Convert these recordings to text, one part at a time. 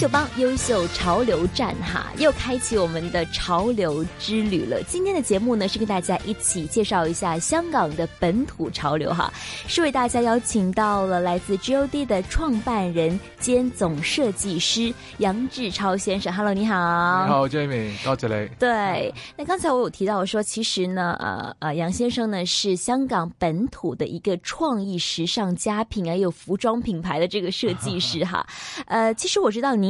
秀邦優秀潮流站哈，又開啟我們的潮流之旅了。今天的節目呢，是跟大家一起介紹一下香港的本土潮流哈，是為大家邀請到了來自 GOD 的創辦人兼總設計師楊志超先生。Hello，你好。你好，Jamie，高子雷。Jamie, 謝謝，對，那剛才我有提到說，其實呢，呃呃，楊先生呢是香港本土的一個創意時尚家品啊，有服裝品牌的這個設計師哈。呃，其實我知道您。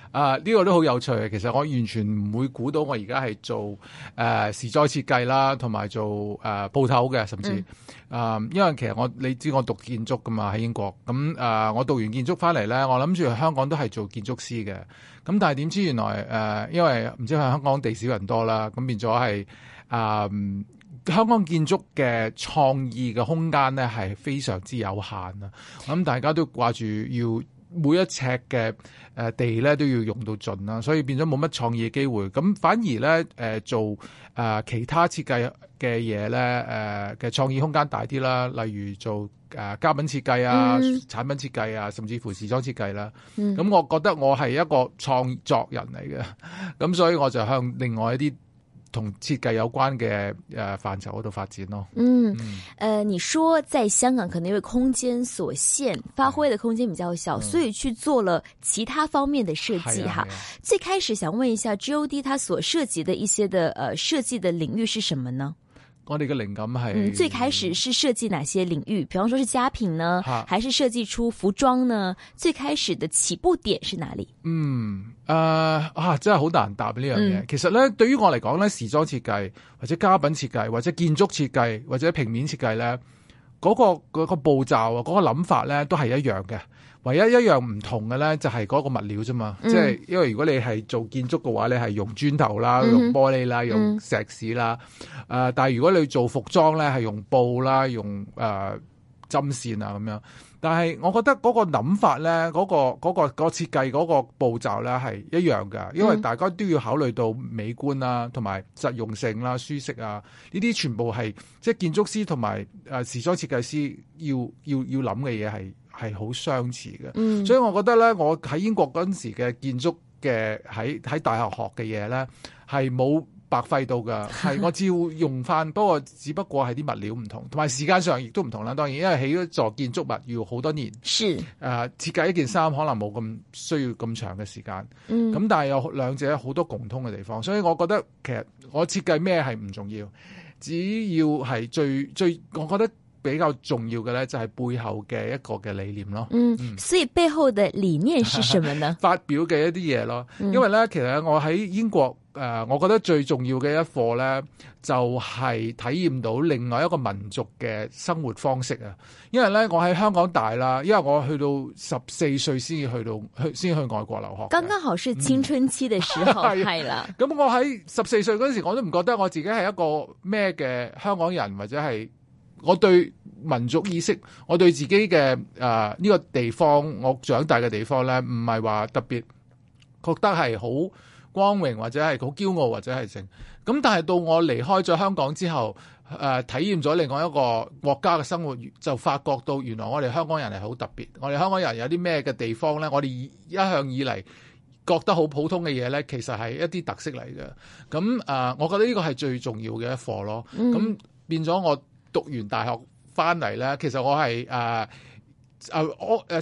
啊！呢、這個都好有趣。其實我完全唔會估到我而家係做誒、呃、時裝設計啦，同埋做誒、呃、鋪頭嘅，甚至、嗯、啊，因為其實我你知我讀建築噶嘛喺英國咁啊，我讀完建築翻嚟咧，我諗住香港都係做建築師嘅。咁但係點知原來誒、呃，因為唔知係香港地少人多啦，咁變咗係啊，香港建築嘅創意嘅空間咧係非常之有限啊。咁大家都掛住要。每一尺嘅地咧都要用到盡啦，所以變咗冇乜創意機會。咁反而咧、呃、做誒、呃、其他設計嘅嘢咧誒嘅創意空間大啲啦，例如做誒、呃、家品設計啊、嗯、產品設計啊，甚至乎時裝設計啦。咁、嗯、我覺得我係一個創作人嚟嘅，咁所以我就向另外一啲。同設計有關嘅誒範疇嗰度發展咯，嗯嗯。嗯、呃，你說在香港可能因為空間所限，發揮的空間比較小，嗯、所以去做了其他方面的設計、嗯、哈。啊啊、最開始想問一下 G O D，它所涉及的一些的呃設計的領域是什麼呢？我哋嘅靈感係、嗯，最開始是設計哪些領域？比方說是家品呢，哈還是設計出服裝呢？最開始的起步點是哪裏？嗯，誒、呃，啊，真係好難答呢樣嘢。其實咧，對於我嚟講咧，時裝設計或者家品設計或者建築設計或者平面設計咧，嗰、嗰個、嗰個步驟啊，嗰個諗法咧都係一樣嘅。唯一一樣唔同嘅呢，就係、係、嗰個物料啫嘛。即係、嗯、因為如果你係做建築嘅話，你係用磚頭啦、用玻璃啦、嗯、用石屎啦。誒、嗯呃，但係如果你做服裝呢，係用布啦、用誒、呃、針線啊咁樣。但係我覺得嗰個諗法呢，嗰、嗰個嗰、嗰個嗰、嗰個、設計嗰個步驟呢，係一樣㗎。因為大家都要考慮到美觀啦，同埋實用性啦、舒適啊，呢啲全部係即係建築師同埋誒時裝設計師要要要諗嘅嘢係。係好相似嘅，嗯、所以我覺得呢，我喺英國嗰陣時嘅建築嘅喺喺大學學嘅嘢呢，係冇白費到噶，係的我照用翻。不過只不過係啲物料唔同，同埋時間上亦都唔同啦。當然，因為起一座建築物要好多年，係誒設計一件衫可能冇咁需要咁長嘅時間。咁、嗯、但係有兩者好多共通嘅地方，所以我覺得其實我設計咩係唔重要，只要係最最，我覺得。比較重要嘅呢，就係背後嘅一個嘅理念咯。嗯，所以背後嘅理念是什麼呢？ 發表嘅一啲嘢咯。因為呢，嗯、其實我喺英國誒、呃，我覺得最重要嘅一課呢，就係、是、體驗到另外一個民族嘅生活方式啊。因為呢，我喺香港大啦，因為我去到十四歲先至去到去先去外國留學。剛剛好是青春期的時候，係啦、嗯。咁 我喺十四歲嗰時，我都唔覺得我自己係一個咩嘅香港人，或者係。我對民族意識，我對自己嘅誒呢個地方，我長大嘅地方呢，唔係話特別覺得係好光榮或者係好驕傲或者係正。咁但係到我離開咗香港之後，誒、呃、體驗咗另外一個國家嘅生活，就發覺到原來我哋香港人係好特別。我哋香港人有啲咩嘅地方呢？我哋一向以嚟覺得好普通嘅嘢呢，其實係一啲特色嚟嘅。咁誒、呃，我覺得呢個係最重要嘅一課咯。咁變咗我。讀完大學翻嚟咧，其實我係誒、啊、我、啊、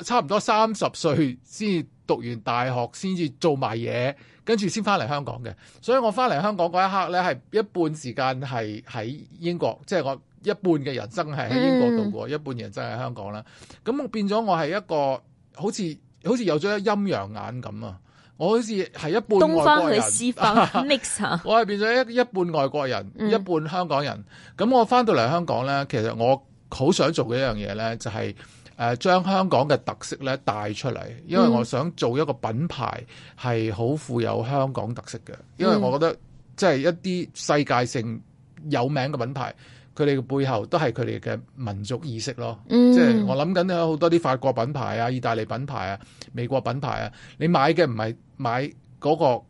差唔多三十歲先讀完大學，先至做埋嘢，跟住先翻嚟香港嘅。所以，我翻嚟香港嗰一刻咧，係一半時間係喺英國，即係我一半嘅人生係喺英國度過，mm. 一半嘅人生喺香港啦。咁我變咗，我係一個好似好似有咗陰陽眼咁啊！我好似係一半，東方去西方 mix 我係變咗一一半外國人，一半香港人。咁我返到嚟香港呢，其實我好想做嘅一樣嘢呢，就係誒將香港嘅特色呢帶出嚟，因為我想做一個品牌係好富有香港特色嘅。因為我覺得即係一啲世界性有名嘅品牌。佢哋嘅背後都係佢哋嘅民族意識咯，即係我諗緊好多啲法國品牌啊、意大利品牌啊、美國品牌啊，你買嘅唔係買嗰個嗰、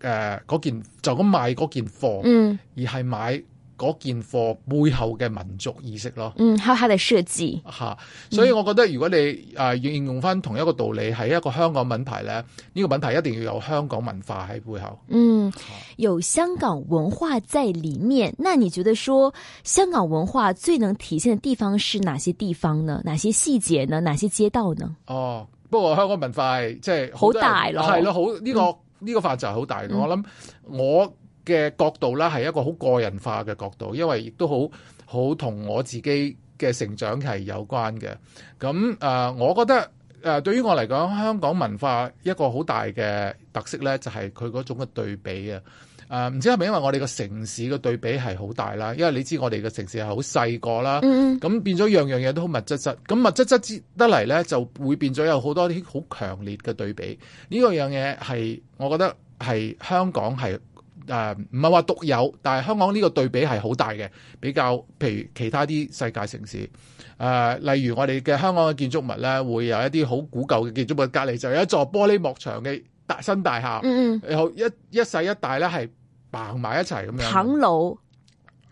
呃、件就咁買嗰件貨，而係買。嗰件貨背後嘅民族意識咯，嗯，好好的設計吓、啊，所以我覺得如果你誒應、呃、用翻同一個道理，係一個香港品牌咧，呢、這個品牌一定要有香港文化喺背後。嗯，有香港文化在裏面，那你覺得說香港文化最能體現嘅地方是哪些地方呢？哪些細節呢？哪些街道呢？哦，不過香港文化即係好大咯，係咯，好呢、這個呢、嗯、個範就係好大嘅。我諗、嗯、我。嘅角度啦，係一個好個人化嘅角度，因為亦都好好同我自己嘅成長係有關嘅。咁誒、呃，我覺得誒、呃，對於我嚟講，香港文化一個好大嘅特色咧，就係佢嗰種嘅對比啊。誒、呃，唔知係咪因為我哋個城市嘅對比係好大啦？因為你知我哋嘅城市係好細個啦，咁、嗯、變咗樣樣嘢都好密質質咁密質質之得嚟咧，就會變咗有好多啲好強烈嘅對比。呢、呢個樣嘢係我覺得係香港係。誒唔係話獨有，但係香港呢個對比係好大嘅，比較譬如其他啲世界城市誒、呃，例如我哋嘅香港嘅建築物咧，會有一啲好古舊嘅建築物，隔離就有一座玻璃幕牆嘅大新大廈，嗯，嗯，好一一細一大咧係碰埋一齊咁樣。唐樓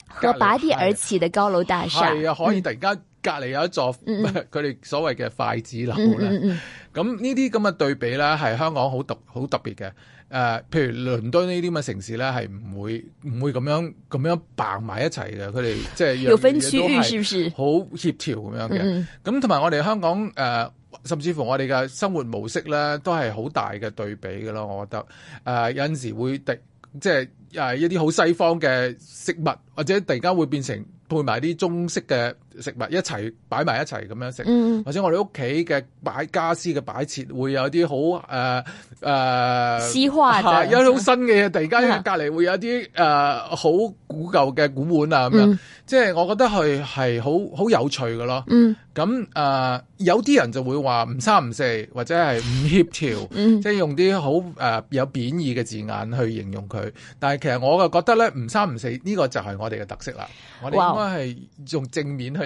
和拔地而起嘅高樓大廈係啊，啊，可以突然間隔離有一座佢哋、嗯嗯、所謂嘅筷子樓咧，咁呢啲咁嘅對比咧係香港好獨好特別嘅。誒、呃，譬如倫敦呢啲咁嘅城市咧，係唔會唔會咁樣咁樣扮埋一齊嘅，佢哋即係有分區域，是不是？好協調咁樣嘅，咁同埋我哋香港誒、呃，甚至乎我哋嘅生活模式咧，都係好大嘅對比嘅咯，我覺得。誒、呃、有陣時會即係一啲好西方嘅食物，或者突然間會變成配埋啲中式嘅。食物一齊擺埋一齊咁樣食，嗯、或者我哋屋企嘅擺家私嘅擺設會有啲好誒誒，呃呃、西化，係有啲好新嘅嘢。突然間隔籬會有啲誒好古舊嘅古碗啊咁樣，嗯、即係我覺得佢係好好有趣嘅咯。咁誒、嗯呃、有啲人就會話唔三唔四，或者係唔協調，嗯，即係用啲好誒有貶義嘅字眼去形容佢。但係其實我就覺得咧，唔三唔四呢、這個就係我哋嘅特色啦。我哋應該係用正面去。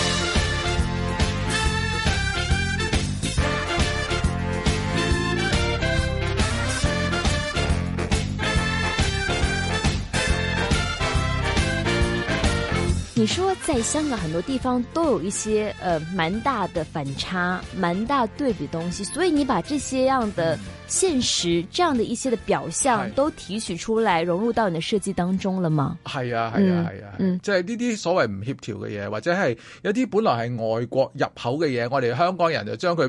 你說在香港很多地方都有一些，呃，蠻大的反差，蠻大的對比東西，所以你把這些樣的現實，這樣的一些的表象都提取出來，是融入到你的設計當中了嗎？係啊，係啊，係啊，啊嗯，即係呢啲所謂唔協調嘅嘢，或者係有啲本來係外國入口嘅嘢，我哋香港人就將佢。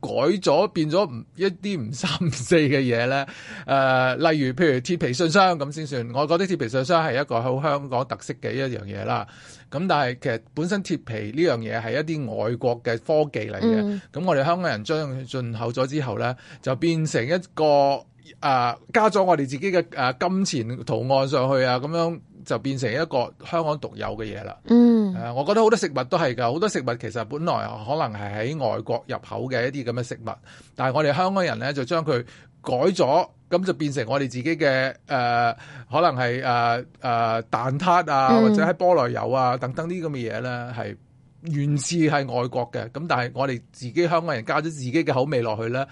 改咗變咗唔一啲唔三四嘅嘢呢。誒、呃，例如譬如鐵皮信箱咁先算，我覺得鐵皮信箱係一個好香港特色嘅一樣嘢啦。咁但係其實本身鐵皮呢樣嘢係一啲外國嘅科技嚟嘅，咁、嗯、我哋香港人將佢進口咗之後呢，就變成一個誒、呃、加咗我哋自己嘅誒金錢圖案上去啊咁樣。就變成一個香港獨有嘅嘢啦。嗯，mm. uh, 我覺得好多食物都係㗎，好多食物其實本來可能係喺外國入口嘅一啲咁嘅食物，但係我哋香港人呢，就將佢改咗，咁就變成我哋自己嘅誒、呃，可能係誒、呃呃、蛋撻啊，mm. 或者喺菠蘿油啊等等啲咁嘅嘢呢，係源自係外國嘅，咁但係我哋自己香港人加咗自己嘅口味落去呢。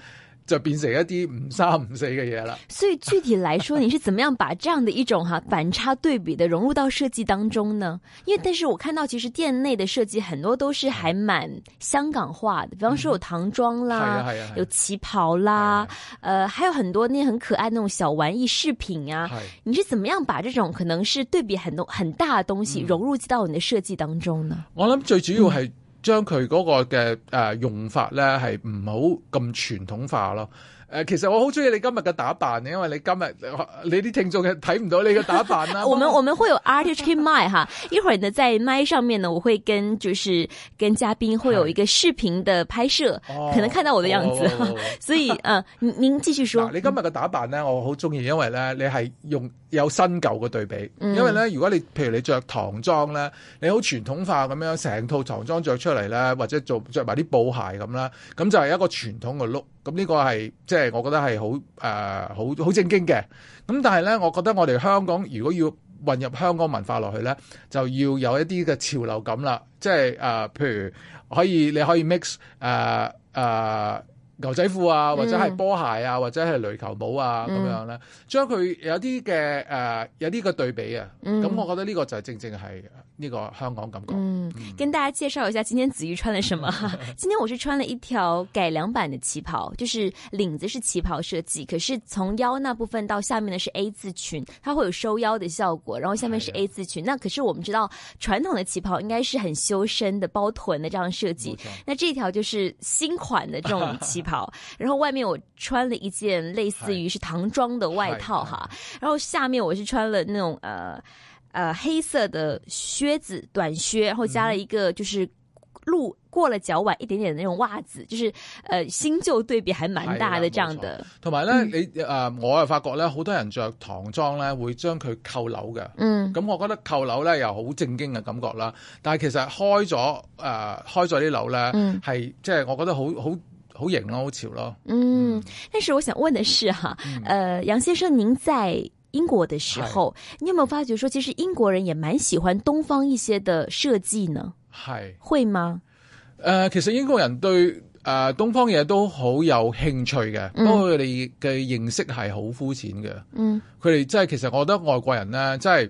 就變成一啲唔三唔四嘅嘢了。所以具體來說，你是怎麼樣把這樣的一種哈反差對比的融入到設計當中呢？因為但是我看到其實店內的設計很多都是還蠻香港化的。比方說有唐裝啦，嗯啊啊啊啊、有旗袍啦，啊啊、呃，還有很多那很可愛那種小玩意飾品啊。是啊是啊，你是怎麼樣把這種可能是對比很多很大的東西融入到你的設計當中呢？嗯、我諗最主要係、嗯將佢嗰個嘅誒用法咧係唔好咁傳統化咯。誒，其實我好中意你今日嘅打扮，因為你今日你啲聽眾睇唔到你嘅打扮啦。 我們我們會有 artificial mic 哈，一會兒呢在麥上面呢，我會跟就是跟嘉賓會有一個視頻的拍攝，是可能看到我的樣子，oh, oh, oh, oh. 所以嗯、呃，您繼續說。 你今日嘅打扮咧，我好中意，因為咧你係用。有新舊嘅對比，因為咧，如果你譬如你着唐裝咧，你好傳統化咁樣，成套唐裝着出嚟咧，或者做著埋啲布鞋咁啦，咁就係一個傳統嘅 look。咁呢個係即係我覺得係好誒好好正經嘅。咁但係咧，我覺得我哋香港如果要混入香港文化落去咧，就要有一啲嘅潮流感啦。即係誒、呃，譬如可以你可以 mix 誒、呃、誒。呃牛仔褲啊，或者係波鞋啊，嗯、或者係壘球帽啊咁、嗯、樣呢？將佢有啲嘅誒有啲嘅對比啊，咁、嗯、我覺得呢個就係正正係呢個香港感覺。嗯嗯、跟大家介紹一下，今天子瑜穿了什麼？ 今天我是穿了一條改良版的旗袍，就是領子是旗袍設計，可是從腰那部分到下面呢是 A 字裙，它會有收腰的效果，然後下面是 A 字裙。的那可是我們知道傳統的旗袍應該是很修身的、包臀的這樣設計，錯那這條就是新款的這種旗袍。 好，然後外面我穿了一件類似於是唐裝的外套哈，然後下面我是穿了那種呃呃黑色的靴子短靴，然後加了一個就是路過了腳腕一點點的那種襪子，就是呃新舊對比還蠻大的，的這樣的。同埋咧，嗯、你呃我又發覺咧，好多人着唐裝咧會將佢扣鈕嘅，嗯，咁我覺得扣鈕咧又好正經嘅感覺啦，但係其實開咗呃開咗啲鈕咧，係即係我覺得好好。很好型咯，好潮咯。嗯，但是我想問的是哈、啊，誒、嗯呃，楊先生，您在英國的時候，是你有冇發覺說，其實英國人也蠻喜歡東方一些的設計呢？係是會嗎？誒、呃，其實英國人對誒、呃、東方嘢都好有興趣嘅，不過佢哋嘅認識係好膚淺嘅。嗯，佢哋即係其實我覺得外國人呢，即係。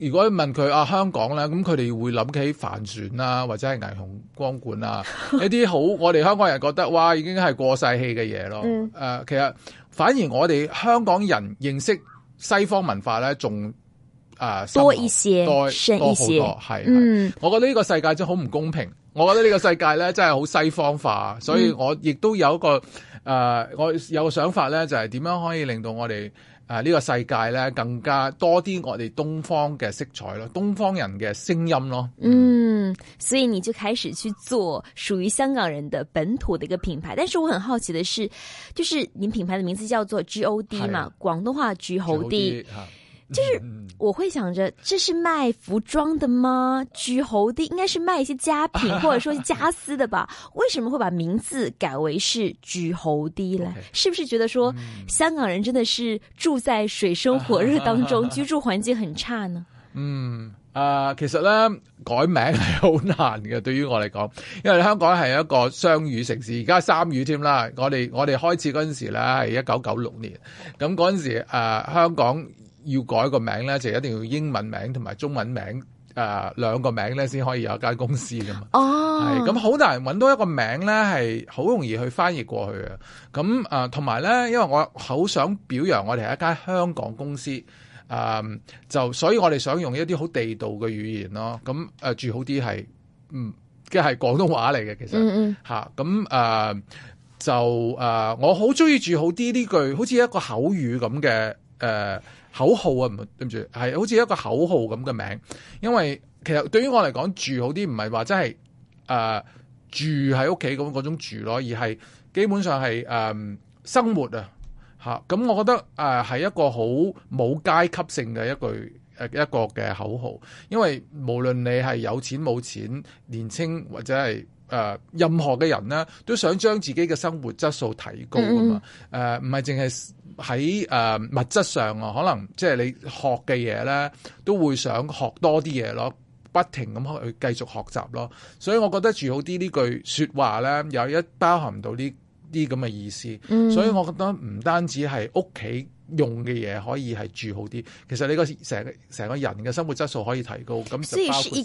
如果問佢，啊，香港咧，咁佢哋會諗起帆船啦、啊，或者係霓虹光管啊，一啲好 我哋香港人覺得哇已經係過曬氣嘅嘢咯、嗯呃。其實反而我哋香港人認識西方文化咧，仲啊、呃、多一些多好多係。我覺得呢個世界真係好唔公平。我覺得呢個世界咧真係好西方化，所以我亦都有一個誒、呃，我有個想法咧，就係、是、點樣可以令到我哋。啊！呢、這個世界呢，更加多啲我哋東方嘅色彩咯，東方人嘅聲音咯。嗯，所以你就開始去做屬於香港人的本土嘅一個品牌。但是我很好奇嘅是，就是你品牌嘅名字叫做 GOD 嘛，是廣東話住好啲。O D。就是我會想着，這是賣服裝的嗎？住好啲應該是賣一些家品或者說是家私的吧？ 為什麼會把名字改為是住好啲咧？是不是覺得說 香港人真的是住在水深火熱當中， 居住環境很差呢？嗯，啊、呃，其實咧改名係好難嘅，對於我嚟講，因為香港係一個雙語城市，而家三語添啦。我哋我哋開始嗰陣時咧係一九九六年，咁嗰陣時誒、呃、香港。要改個名咧，就一定要用英文名同埋中文名，誒、呃、兩個名咧先可以有一間公司噶嘛。哦、oh.，咁好難揾到一個名咧，係好容易去翻譯過去嘅。咁誒，同埋咧，因為我好想表揚我哋係一間香港公司，誒、呃，就所以我哋想用一啲好地道嘅語言咯。咁、呃、住好啲係，嗯，即係廣東話嚟嘅，其實咁誒、mm. 呃，就誒、呃，我好中意住好啲呢句，好似一個口語咁嘅誒。呃口號啊，唔對唔住，係好似一個口號咁嘅名，因為其實對於我嚟講住好啲，唔係話真係住喺屋企咁嗰種住咯，而係基本上係、呃、生活啊嚇。咁、啊、我覺得誒係、呃、一個好冇階級性嘅一句一個嘅口號，因為無論你係有錢冇錢、年青或者係誒、呃、任何嘅人呢，都想將自己嘅生活質素提高啊嘛，唔係淨係。呃喺誒物質上啊，可能即係你學嘅嘢咧，都會想學多啲嘢咯，不停咁去繼續學習咯，所以我覺得住好啲呢句説話咧，有一包含到呢啲咁嘅意思，嗯、所以我覺得唔單止係屋企。用嘅嘢可以係住好啲，其實你個成成個人嘅生活質素可以提高。咁所以是一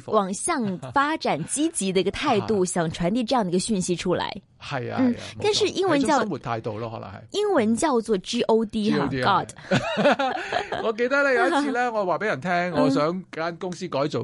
個往向發展、積極嘅一個態度，想傳遞這樣嘅一個訊息出來。係啊，嗯，但是英文叫生活態度咯，可能係英文叫做 G O D 哈 God。我記得咧有一次咧，我話俾人聽，我想間公司改做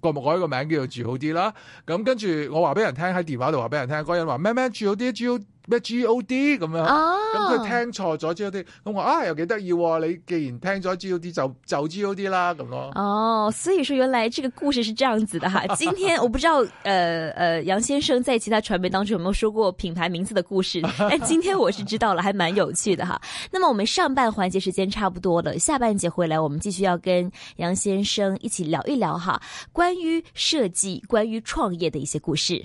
改改個名叫做住好啲啦。咁跟住我話俾人聽喺電話度話俾人聽，嗰人話咩咩住好啲 G O。咩 G O D 咁樣，咁佢、哦、聽錯咗 G O D，咁我說啊，又幾得意，你既然聽咗 G O D 就就 G O D 啦咁咯。樣，哦，所以說原來這個故事是這樣子的哈。 今天我不知道，呃呃楊先生在其他傳媒當中有沒有說過品牌名字的故事？但今天我是知道了，還蠻有趣的哈。 那麼我們上半環節時間差不多了，下半節回來，我們繼續要跟楊先生一起聊一聊哈，關於設計，關於設計、關於創業的一些故事。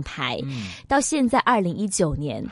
牌，嗯、到現在，二零一九年。啊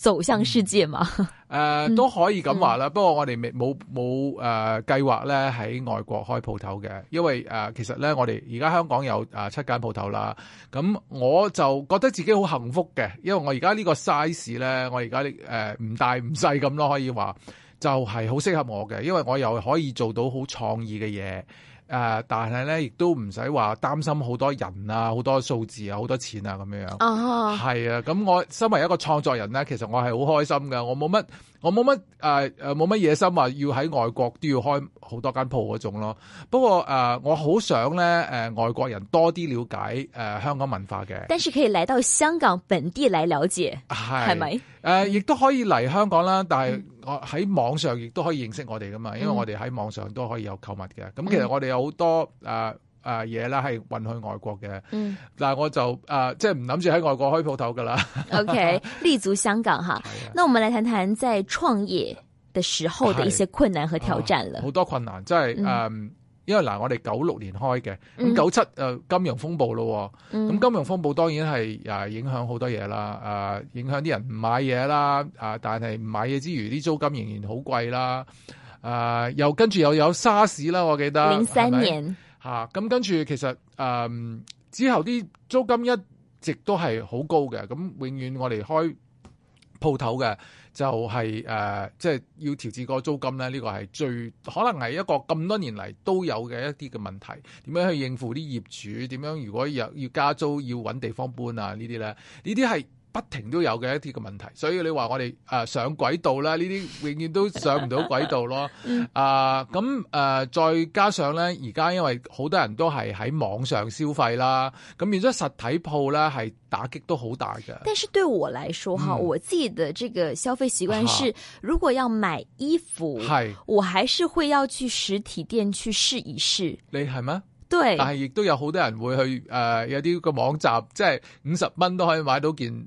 走向世界嘛？誒、嗯呃、都可以咁話啦。嗯嗯、不過我哋未冇冇誒計劃咧喺外國開鋪頭嘅，因為誒、呃、其實咧我哋而家香港有、呃、七間鋪頭啦。咁我就覺得自己好幸福嘅，因為我而家呢個 size 咧，我而家誒唔大唔細咁咯，可以話就係、是、好適合我嘅，因為我又可以做到好創意嘅嘢。誒、呃，但係咧，亦都唔使話擔心好多人啊，好多數字啊，好多錢啊，咁樣、uh huh. 是啊，係啊，咁我身為一個創作人咧，其實我係好開心㗎，我冇乜，我冇乜，誒冇乜野心話、啊、要喺外國都要開好多間鋪嗰種咯。不過誒、呃，我好想咧，誒、呃，外國人多啲了解誒、呃、香港文化嘅。但是可以嚟到香港本地嚟了解，係咪是？誒，亦都、呃、可以嚟香港啦，但係我喺網上亦都可以認識我哋㗎嘛，因為我哋喺網上都可以有購物嘅。咁其實我哋有好多誒誒嘢啦，係、呃、運、呃、去外國嘅。嗯，嗱，我就誒、呃，即係唔諗住喺外國開鋪頭㗎啦。 OK，立足香港吓。哈啊、那我哋來談談在創業的時候的一些困難和挑戰了。好、啊、多困難，即係誒。呃因為嗱，我哋九六年開嘅，咁九七誒金融風暴咯，咁、嗯、金融風暴當然係誒影響好多嘢啦，誒影響啲人唔買嘢啦，啊，啦啊但係唔買嘢之餘，啲租金仍然好貴啦，誒、啊、又跟住又有沙士啦，我記得零三年吓，咁、啊、跟住其實誒、嗯、之後啲租金一直都係好高嘅，咁永遠我哋開鋪頭嘅。就係、是、誒，即、呃、係、就是、要調節個租金咧，呢、這個係最可能係一個咁多年嚟都有嘅一啲嘅問題。點樣去應付啲業主？點樣如果有要加租要揾地方搬啊？呢啲咧，呢啲係，不停都有嘅一啲嘅問題，所以你話我哋誒、呃、上軌道啦，呢啲永遠都上唔到軌道咯。啊、 呃，咁、呃、誒再加上咧，而家因為好多人都係喺網上消費啦，咁變咗實體鋪咧係打擊都好大嘅。但是對我來說，嗯、我自己的這個消費習慣，是，啊、哈如果要買衣服，係是，我還是會要去實體店去試一試，你係咩？對，但係亦都有好多人會去誒、呃，有啲個網站，即係五十蚊，都可以買到件。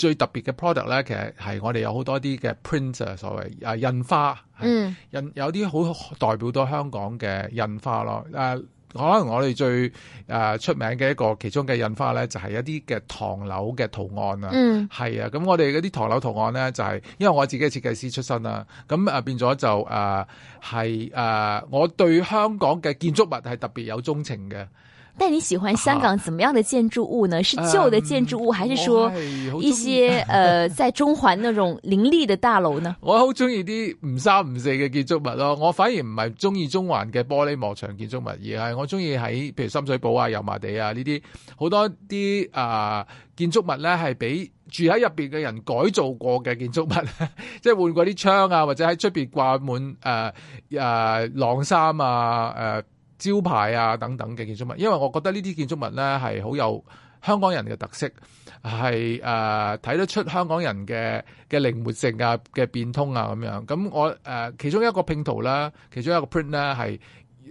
最特別嘅 product 咧，其實係我哋有好多啲嘅 print、啊、所謂、啊、印花，印有啲好代表到香港嘅印花咯。啊、可能我哋最、啊、出名嘅一個其中嘅印花咧，就係、是、一啲嘅唐樓嘅圖案啊。係、嗯、啊，咁我哋嗰啲唐樓圖案咧，就係、是、因為我自己嘅設計師出身啦、啊，咁啊變咗就誒係誒，我對香港嘅建築物係特別有鍾情嘅。但你喜歡香港怎麼樣的建築物呢？啊、是舊的建築物，呃、還是說一些，呃，在中環那種林立的大樓呢？ 我好中意啲唔三唔四嘅建築物咯，我反而唔係中意中環嘅玻璃幕牆建築物，而係我中意喺譬如深水埗啊、油麻地啊呢啲好多啲啊、呃、建築物呢，係俾住喺入邊嘅人改造過嘅建築物， 即係換過啲窗啊，或者喺出邊掛滿誒誒晾衫啊誒。呃招牌啊，等等嘅建築物，因為我覺得呢啲建築物咧係好有香港人嘅特色，係誒睇得出香港人嘅嘅靈活性啊，嘅變通啊咁樣，咁我誒、呃、其中一個拼圖啦，其中一個 print 咧，係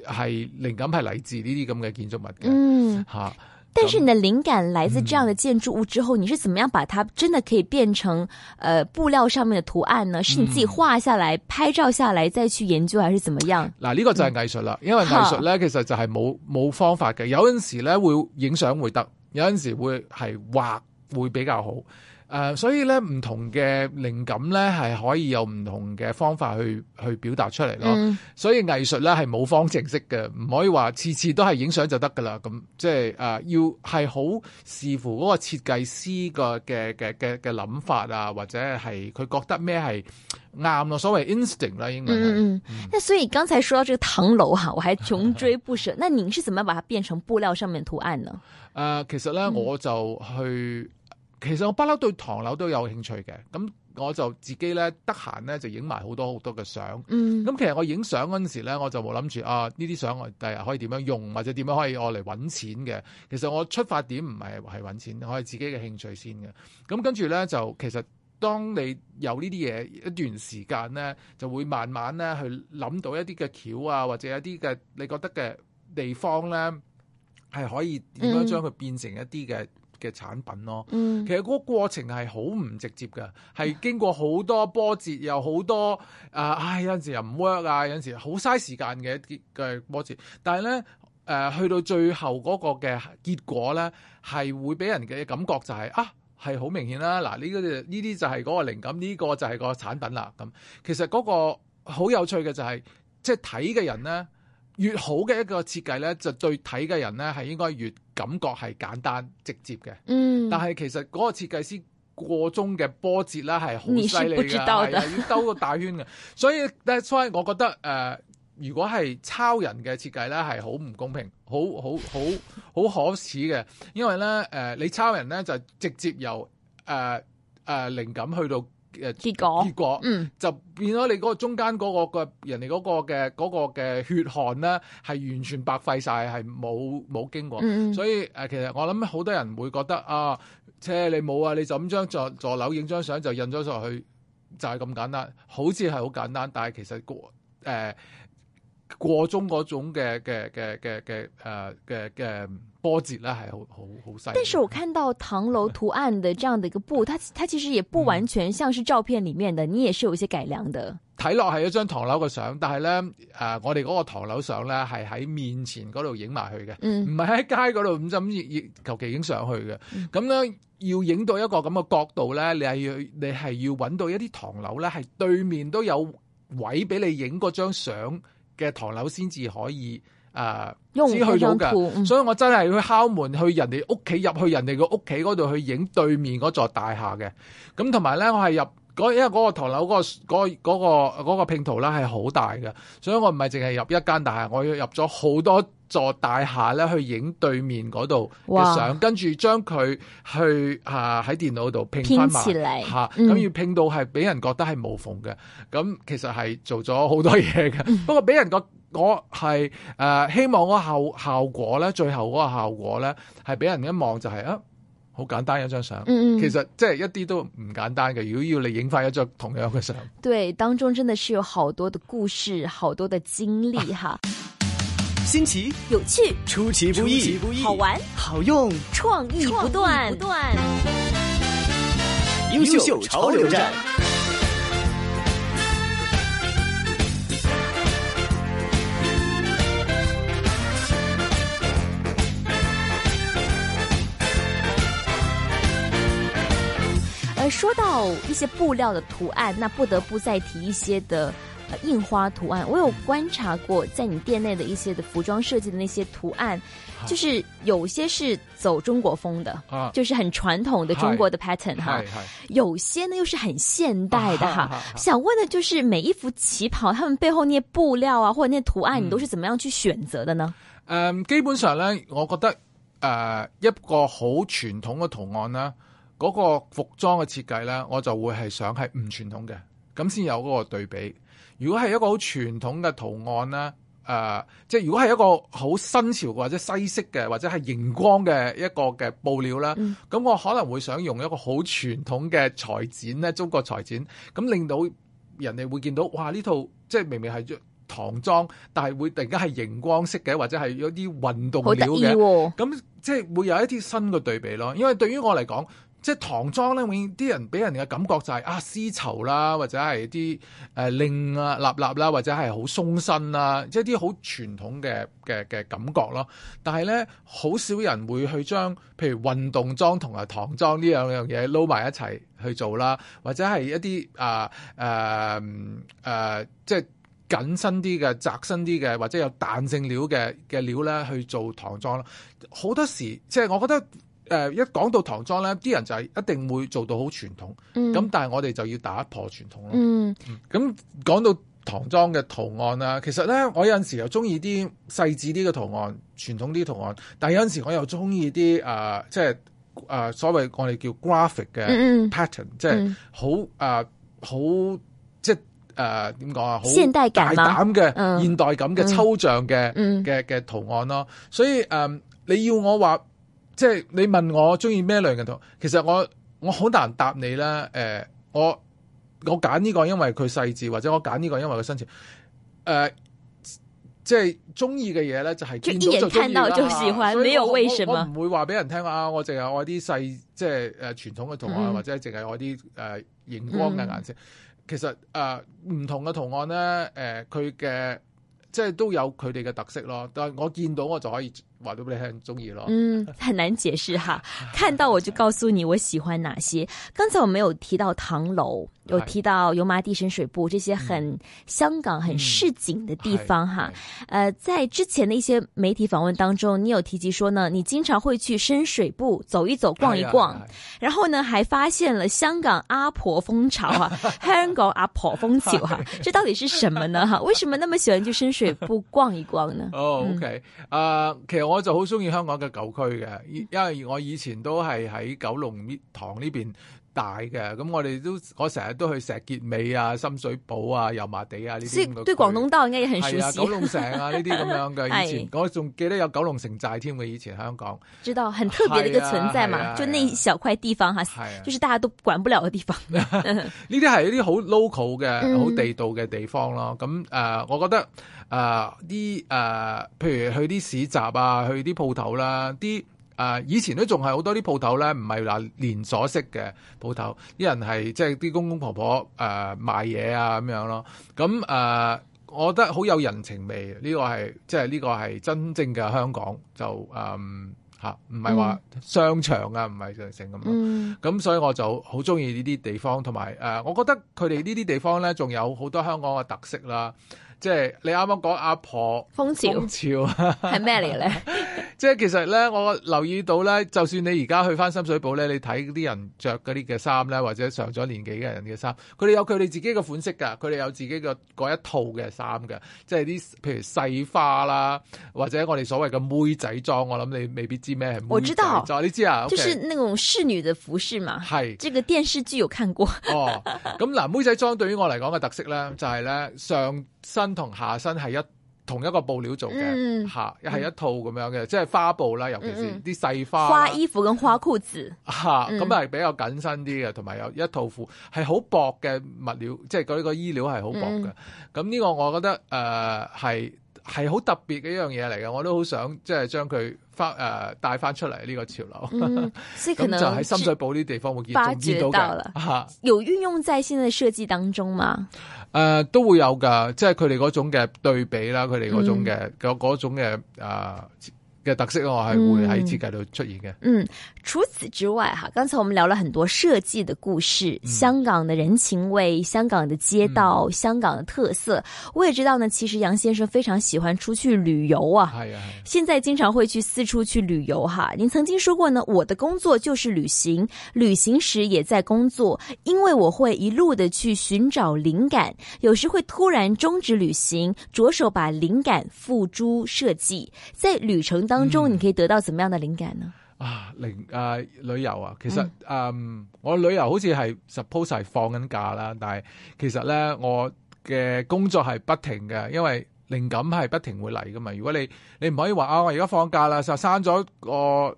係靈感係嚟自呢啲咁嘅建築物嘅，吓、嗯。啊但是你的靈感來自這樣的建築物之後，嗯、你是怎麼樣把它真的可以變成呃布料上面的圖案呢？是你自己畫下來、嗯、拍照下來再去研究，還是怎麼樣？嗱，呢個就係藝術啦，嗯、因為藝術呢，好其實就係冇冇方法嘅。有陣時呢會影相會得，有陣時會係畫會比較好。誒、呃，所以咧唔同嘅靈感咧係可以有唔同嘅方法去去表達出嚟咯。嗯、所以藝術咧係冇方程式嘅，唔可以話次次都係影相就得㗎喇。咁、嗯、即係誒、呃，要係好視乎嗰個設計師個嘅嘅嘅嘅諗法啊，或者係佢覺得咩係啱咯。所謂 instinct 啦，應該、嗯。嗯嗯。那所以剛才說到這個唐樓、啊、我還窮追不捨。 那您是怎麼把它變成布料上面圖案呢？誒、呃，其實咧我就去。嗯其實我不嬲對唐樓都有興趣嘅，咁我就自己咧得閒咧就影埋好多好多嘅相。嗯。咁其實我影相嗰陣時咧，我就冇諗住啊呢啲相我第日可以點樣用，或者點樣可以攞嚟揾錢嘅。其實我出發點唔係係揾錢，我係自己嘅興趣先嘅。咁跟住咧就其實當你有呢啲嘢一段時間咧，就會慢慢咧去諗到一啲嘅橋啊，或者一啲嘅你覺得嘅地方咧，係可以點樣將佢變成一啲嘅。嗯嘅產品咯，其實嗰個過程係好唔直接嘅，係、嗯、經過好多波折，又好多啊！唉、呃哎，有陣時又唔 work 啊，有陣時好嘥時間嘅一啲嘅波折。但係咧，誒、呃、去到最後嗰個嘅結果咧，係會俾人嘅感覺就係、是、啊，係好明顯啦！嗱，呢個呢啲就係嗰個靈感，呢、這個就係個產品啦。咁其實嗰個好有趣嘅就係、是，即係睇嘅人咧，越好嘅一個設計咧，就對睇嘅人咧係應該越，感覺係簡單直接嘅，嗯、但係其實嗰個設計師過中嘅波折咧，係好犀利嘅，係要兜個大圈嘅。 所以 That's why 我覺得誒、呃，如果係抄人嘅設計咧，係好唔公平，好好好好可恥嘅。因為咧誒、呃，你抄人咧就直接由誒誒、呃呃、靈感去到。誒結果，結果，嗯，就變咗你嗰個中間嗰個嘅人哋嗰個嘅嗰個嘅血汗咧，係完全白費晒，係冇冇經過，嗯、所以誒、其實我諗好多人會覺得啊，車你冇啊，你就咁將座座樓影張相就印咗上去，就係、是、咁簡單，好似係好簡單，但係其實個、欸過中嗰種嘅嘅嘅嘅嘅誒嘅嘅波折咧，係好好好細。但是我看到唐樓圖案嘅這樣的一個布， 它它其實也不完全像是照片裏面的，嗯、你也是有一些改良的。睇落係一張唐樓嘅相，但係咧誒，我哋嗰個唐樓相咧係喺面前嗰度影埋去嘅，唔係喺街嗰度咁就咁，求其影上去嘅。咁咧、嗯嗯、要影到一個咁嘅角度咧，你係你係要揾到一啲唐樓咧，係對面都有位俾你影嗰張相。嘅唐樓先至可以，誒、呃、先去到㗎，那個那個那個，所以我真係去敲門去人哋屋企入去人哋個屋企嗰度去影對面嗰座大廈嘅。咁同埋咧，我係入因為嗰個唐樓嗰個嗰拼圖咧係好大嘅，所以我唔係淨係入一間大廈，我要入咗好多。座大廈咧去影對面嗰度嘅相，哇跟住將佢去吓喺、啊、電腦度拼翻埋吓，咁要拼到係俾人覺得係無縫嘅。咁其實係做咗好多嘢嘅，嗯、不過俾人覺得我係誒、呃，希望嗰效效果咧，最後嗰個效果咧係俾人一望就係、是、啊，好簡單一張相。嗯、其實即係一啲都唔簡單嘅。如果要你影翻一張同樣嘅相，對當中真的是有好多的故事，好多的經歷哈。 新奇、有趣、出其不意、不易好玩、好用、創意不斷、不斷，優秀潮流戰。呃，說到一些布料的圖案，那不得不再提一些的。印花圖案，我有觀察過，在你店內的一些的服裝設計的那些圖案，嗯、就是有些是走中國風的，啊、就是很傳統的中國的 pattern 哈是。啊、有些呢又是很現代的哈。想問的就是每一幅旗袍，他們背後那些布料啊，或者那些圖案，你都是怎麼樣去選擇的呢？嗯呃、基本上呢，我覺得，呃、一個好傳統嘅圖案咧，嗰、那個服裝嘅設計呢，我就會係想係唔傳統嘅，咁先有嗰個對比。如果係一個好傳統嘅圖案啦，誒、呃，即係如果係一個好新潮嘅或者西式嘅，或者係熒光嘅一個嘅布料啦，咁、嗯、我可能會想用一個好傳統嘅裁剪咧，中國裁剪，咁令到人哋會見到，哇！呢套即係明明係唐裝，但係會突然間係熒光色嘅，或者係有啲運動料嘅，咁、哦、即係會有一啲新嘅對比咯。因為對於我嚟講，即係唐裝咧，永遠啲人俾人嘅感覺就係、是、啊絲綢啦，或者係啲誒令啊立立啦，或者係好鬆身啦，即係啲好傳統嘅嘅嘅感覺咯。但係咧，好少人會去將譬如運動裝同埋唐裝呢兩樣嘢撈埋一齊去做啦，或者係一啲啊誒誒即係緊身啲嘅、窄身啲嘅，或者有彈性料嘅嘅料咧去做唐裝咯。好多時即係我覺得。誒、呃，一講到唐裝咧，啲人就係一定會做到好傳統，咁、嗯、但係我哋就要打破傳統咯。咁講、嗯嗯、到唐裝嘅圖案啦，其實咧，我有陣時又中意啲細緻啲嘅圖案，傳統啲圖案，但係有陣時我又中意啲誒，即係誒、呃，所謂我哋叫 graphic 嘅 pattern，、嗯嗯呃、即係好誒，好即係誒，點講啊？現代感好大膽嘅現代感嘅抽象嘅嘅嘅圖案咯，所以誒、呃，你要我話。即係你問我中意咩類型嘅圖案，其實我我好難答你啦。誒、呃，我我揀呢個因為佢細緻，或者我揀呢個因為佢新潮。誒、呃，即係中意嘅嘢咧，就係、是、就一眼看到就喜歡，沒有為什麼。我唔會話俾人聽啊，我淨係愛啲細，即係誒傳統嘅圖案，嗯、或者淨係愛啲誒熒光嘅顏色。嗯、其實誒唔、呃、同嘅圖案咧，誒佢嘅即係都有佢哋嘅特色咯。但係我見到我就可以，話俾你聽，中意咯。嗯，很難解釋哈。 看到我就告訴你我喜歡哪些。剛才我沒有提到唐樓。有提到油麻地、深水埗是這些很香港、嗯、很市井的地方、嗯、哈。呃，在之前的一些媒體訪問當中，你有提及說呢，你經常會去深水埗走一走、逛一逛，啊、然後呢，還發現了香港阿婆風潮啊， 香港阿婆風潮哈， 這到底是什麼呢？哈， 為什麼那麼喜歡去深水埗逛一逛呢？哦、oh，OK，呃、嗯，uh, 其實我就好中意香港嘅舊區嘅，因為我以前都係喺九龍塘呢邊。大嘅，咁我哋都我成日都去石硖尾啊、深水埗啊、油麻地啊呢啲。即係對廣東道應該也很熟悉。啊、 九龍城啊呢啲咁樣嘅，以前、 哎、我仲記得有九龍城寨添嘅，以前香港。知道很特別嘅一個存在嘛？啊啊啊、就那一小塊地方吓，係啊係啊、就是大家都管不了嘅地方。呢啲係一啲好 local 嘅、好、嗯、地道嘅地方咯。咁、嗯、誒、呃，我覺得誒啲誒，譬如去啲市集啊，去啲鋪頭啦，啲。啊！Uh, 以前都仲係好多啲鋪頭咧，唔係話連鎖式嘅鋪頭，啲人係即係啲公公婆婆誒、uh, 賣嘢啊咁樣咯。咁誒，uh, 我覺得好有人情味，呢、呢個係即係呢個係真正嘅香港就誒吓，唔係話商場啊，唔係成咁樣。咁所以我就好中意呢啲地方，同埋誒，uh, 我覺得佢哋呢啲地方咧，仲有好多香港嘅特色啦。即係你啱啱講阿婆風，情風潮，係咩嚟嘅咧？ 即係其實咧，我留意到咧，就算你而家去翻深水埗咧，你睇啲人着嗰啲嘅衫咧，或者上咗年紀嘅人嘅衫，佢哋有佢哋自己嘅款式噶，佢哋有自己嘅嗰一套嘅衫噶。即係啲譬如細花啦，或者我哋所謂嘅妹仔裝，我諗你未必知咩係。我知道，就你知啊，就是那種侍女的服飾嘛。係是，這個電視劇有看過。 哦，咁嗱，妹仔裝對於我嚟講嘅特色咧，就係、是、咧上身。同下身係一同一個布料做嘅，吓一係一套咁樣嘅，嗯、即係花布啦，尤其是啲細花、啊、花衣服跟花褲子吓，咁係、啊嗯、比較緊身啲嘅，同埋有一套褲係好薄嘅物料，即係佢呢個衣料係好薄嘅。咁呢、嗯、個我覺得誒係係好特別嘅一樣嘢嚟嘅，我都好想即係將佢。翻誒，帶翻、呃、出嚟呢個潮流，嗯、所以可能就喺深水埗呢啲地方會見到，有運用在現在嘅設計當中嘛？誒，都會有噶，即係佢哋嗰種嘅對比啦，佢哋嗰種嘅，種嘅、嗯嘅特色咯，係會喺設計度出現嘅、嗯。嗯，除此之外哈，剛才我們聊了很多設計的故事，嗯、香港的人情味，香港的街道，嗯、香港的特色。我也知道呢，其實楊先生非常喜歡出去旅遊啊，係、嗯、啊，啊現在經常會去四處去旅遊哈、啊。您曾經說過呢，我的工作就是旅行，旅行時也在工作，因為我會一路的去尋找靈感，有時會突然終止旅行，着手把靈感付諸設計，在旅程當當中你可以得到怎麼樣的靈感呢？啊靈誒、呃、旅遊啊，其實誒、呃、我旅遊好似係 suppose 係放緊假啦，但係其實咧我嘅工作係不停嘅，因為靈感係不停會嚟噶嘛。如果你你唔可以話啊，我而家放假啦、呃、就刪咗個誒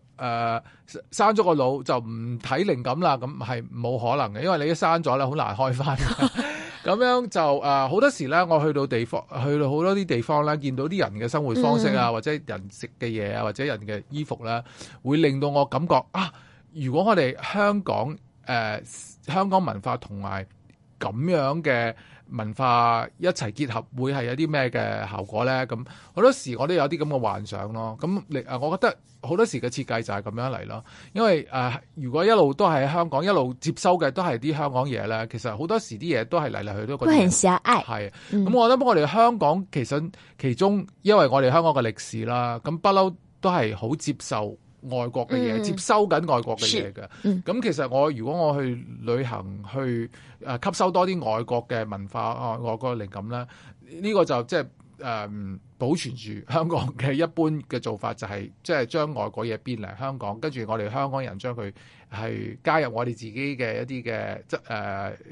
刪咗個腦就唔睇靈感啦，咁係冇可能嘅，因為你一刪咗啦，好難開翻。 咁樣就誒好、啊、多時咧，我去到地方，去到好多啲地方咧，見到啲人嘅生活方式啊，mm hmm. 或者人食嘅嘢啊，或者人嘅衣服咧，會令到我感覺啊，如果我哋香港誒、呃、香港文化同埋咁樣嘅文化一齊結合會係有啲咩嘅效果咧？咁好多時我都有啲咁嘅幻想咯。咁你啊，我覺得好多時嘅設計就係咁樣嚟咯。因為誒、呃，如果一路都係香港，一路接收嘅都係啲香港嘢咧，其實好多時啲嘢都係嚟嚟去去都，過份狹隘。係啊。咁、嗯、我覺得我哋香港其實其中，因為我哋香港嘅歷史啦，咁不嬲都係好接受。外國嘅嘢，接收緊外國嘅嘢嘅，咁、mm hmm. 其實我如果我去旅行去誒、呃、吸收多啲外國嘅文化啊、呃、外國嘅靈感啦，呢、呢個就即係誒保存住香港嘅一般嘅做法、就係，就係即係將外國嘢變嚟香港，跟住我哋香港人將佢係加入我哋自己嘅一啲嘅即誒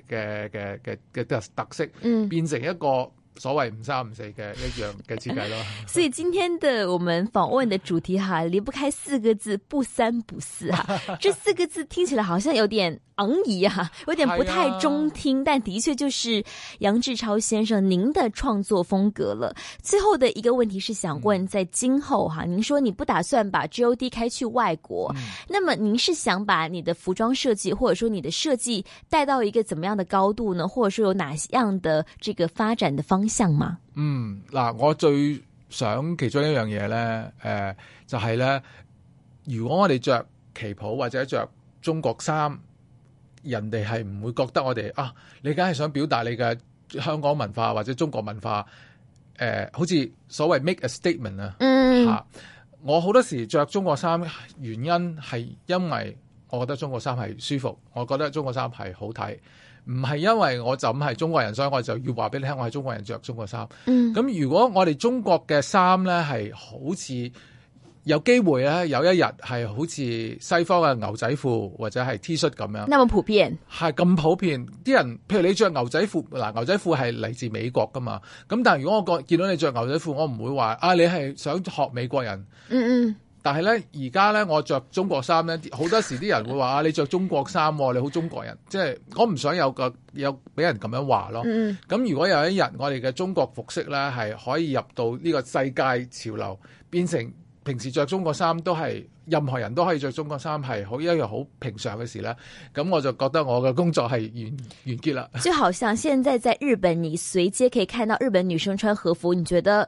嘅嘅嘅嘅特特色，mm hmm. 變成一個。所謂唔三唔四嘅一樣嘅設計咯， 所以今天的我們訪問的主題哈、啊，離不開四個字，不三不四啊！ 這四個字聽起來好像有點昂疑啊，有點不太中聽，是啊、但的確就是楊志超先生您的創作風格了。最後的一個問題是想問，在今後哈、啊，您說你不打算把 GOD 開去外國， 那麼您是想把你的服裝設計或者說你的設計帶到一個怎麼樣的高度呢？或者說有哪樣的這個發展的方？嗯，嗱，我最想其中一樣嘢呢，誒、呃，就係、是、呢：如果我哋着旗袍或者着中國衫，人哋係唔會覺得我哋啊，你梗係想表達你嘅香港文化或者中國文化？誒、呃，好似所謂 make a statement，嗯、啊，嗯，吓，我好多時着中國衫，原因係因為我覺得中國衫係舒服，我覺得中國衫係好睇。唔係因為我就咁係中國人，所以我就要話俾你聽，我係中國人着中國衫。咁、嗯、如果我哋中國嘅衫咧係好似有機會咧，有一日係好似西方嘅牛仔褲或者係 T 恤咁樣，那麼普遍係咁普遍啲人，譬如你着牛仔褲嗱，牛仔褲係嚟自美國噶嘛。咁但係如果我見到你着牛仔褲，我唔會話啊，你係想學美國人。嗯嗯。但係咧，而家咧，我着中國衫咧，好多時啲人會話 你着中國衫喎，你好中國人。即係我唔想有個有俾人咁樣話咯。咁，嗯，如果有一日我哋嘅中國服飾咧係可以入到呢個世界潮流，變成平時着中國衫都係任何人都可以着中國衫係好一樣好平常嘅事咧，咁我就覺得我嘅工作係完完結啦。就好像現在在日本，你隨街可以看到日本女生穿和服，你覺得？